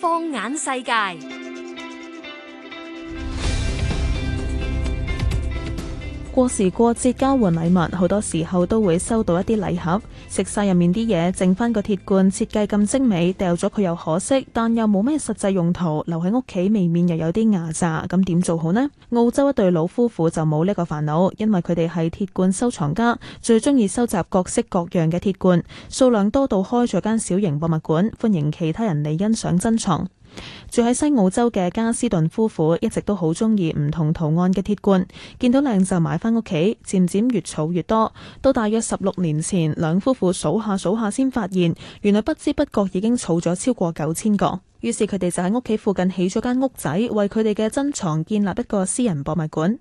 放眼世界，過時過節交換禮物，好多時候都會收到一啲禮盒。食晒入面啲嘢，剩返個鐵罐設計咁精美，掉咗佢又可惜，但又冇咩實際用途，留喺屋企未免又有啲礙滯，咁點做好呢？澳洲一對老夫婦就冇呢個煩惱，因為佢哋係鐵罐收藏家，最鍾意收集各式各樣嘅鐵罐，數量多到開咗間小型博物館，歡迎其他人嚟欣賞珍藏。住喺西澳洲嘅加斯頓夫婦一直都好中意唔同圖案嘅鐵罐，見到靚就買返屋企，漸漸越儲越多。到大約十六年前，兩夫婦數下數下，先發現，原來不知不覺已經儲咗超過九千個。於是佢哋就喺屋企附近起咗間屋仔，為佢哋嘅珍藏建立一個私人博物館。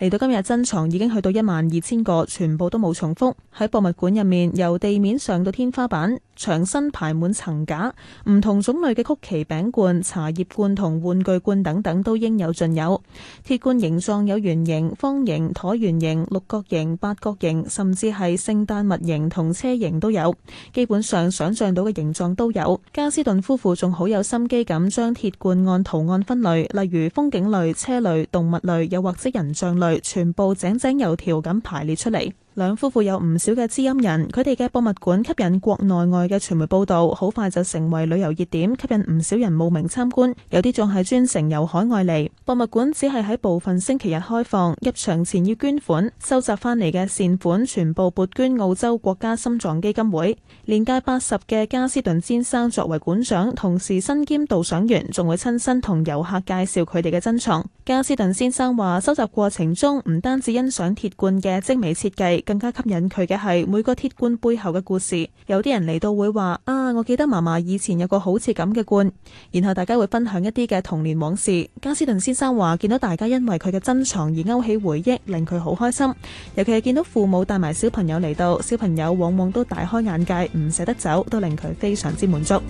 嚟到今日，珍藏已經去到一萬二千個，全部都冇重複。喺博物館入面，由地面上到天花板，牆身排滿層架，唔同種類嘅曲奇餅罐、茶葉罐同玩具罐等等都應有盡有。鐵罐形狀有圓形、方形、橢圓形、六角形、八角形，甚至係聖誕物形同車形都有。基本上想像到嘅形狀都有。加斯頓夫婦仲好有心心機咁將鐵罐按圖案分類，例如風景類、車類、動物類，又或者人像類，全部井井有條咁排列出嚟。兩夫婦有唔少嘅知音人，佢哋嘅博物館吸引國內外嘅傳媒報導，好快就成為旅遊熱點，吸引唔少人慕名參觀。有啲仲係專程由海外嚟。博物館只係喺部分星期日開放，入場前要捐款，收集翻嚟嘅善款全部撥捐澳洲國家心臟基金會。年屆八十嘅加斯頓先生作為館長，同時身兼導賞員，仲會親身同遊客介紹佢哋嘅珍藏。加斯頓先生話：收集過程中唔單止欣賞鐵罐嘅精美設計。更加吸引佢嘅係每個鐵罐背後嘅故事，有啲人嚟到會話啊，我記得嫲嫲以前有個好似咁嘅罐，然後大家會分享一啲嘅童年往事。加斯頓先生話見到大家因為佢嘅珍藏而勾起回憶，令佢好開心，尤其係見到父母帶埋小朋友嚟到，小朋友往往都大開眼界，唔捨得走，都令佢非常之滿足。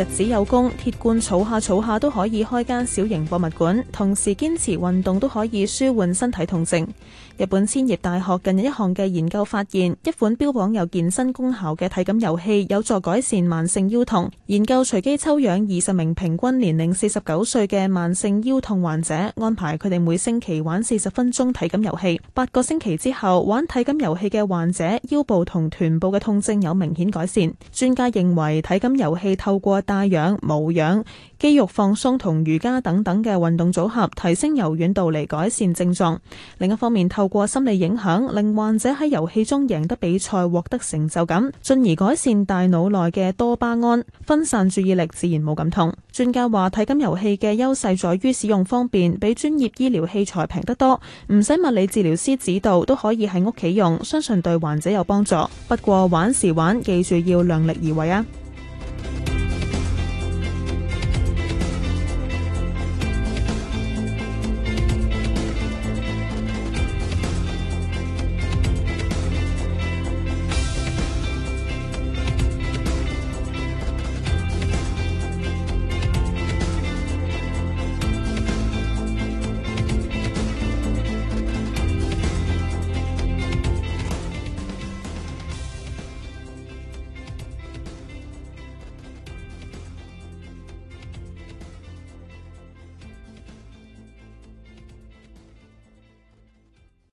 日子有功，鐵罐儲下儲下都可以開間小型博物館，同時堅持運動都可以舒緩身體痛症。日本千葉大學近日一項嘅研究發現，一款標榜有健身功效嘅體感遊戲有助改善慢性腰痛。研究隨機抽樣二十名平均年齡四十九歲嘅慢性腰痛患者，安排佢哋每星期玩四十分鐘體感遊戲。八個星期之後，玩體感遊戲嘅患者，腰部同臀部嘅痛症有明顯改善。專家認為，體感遊戲透過。帶氧、無氧、肌肉放鬆同瑜伽等等嘅運動組合，提升柔軟度嚟改善症狀。另一方面，透過心理影響，令患者喺遊戲中贏得比賽，獲得成就感，進而改善大腦內嘅多巴胺，分散注意力，自然冇咁痛。專家話，體感遊戲嘅優勢在於使用方便，比專業醫療器材平得多，唔使物理治療師指導都可以喺屋企用，相信對患者有幫助。不過玩時玩，記住要量力而為啊！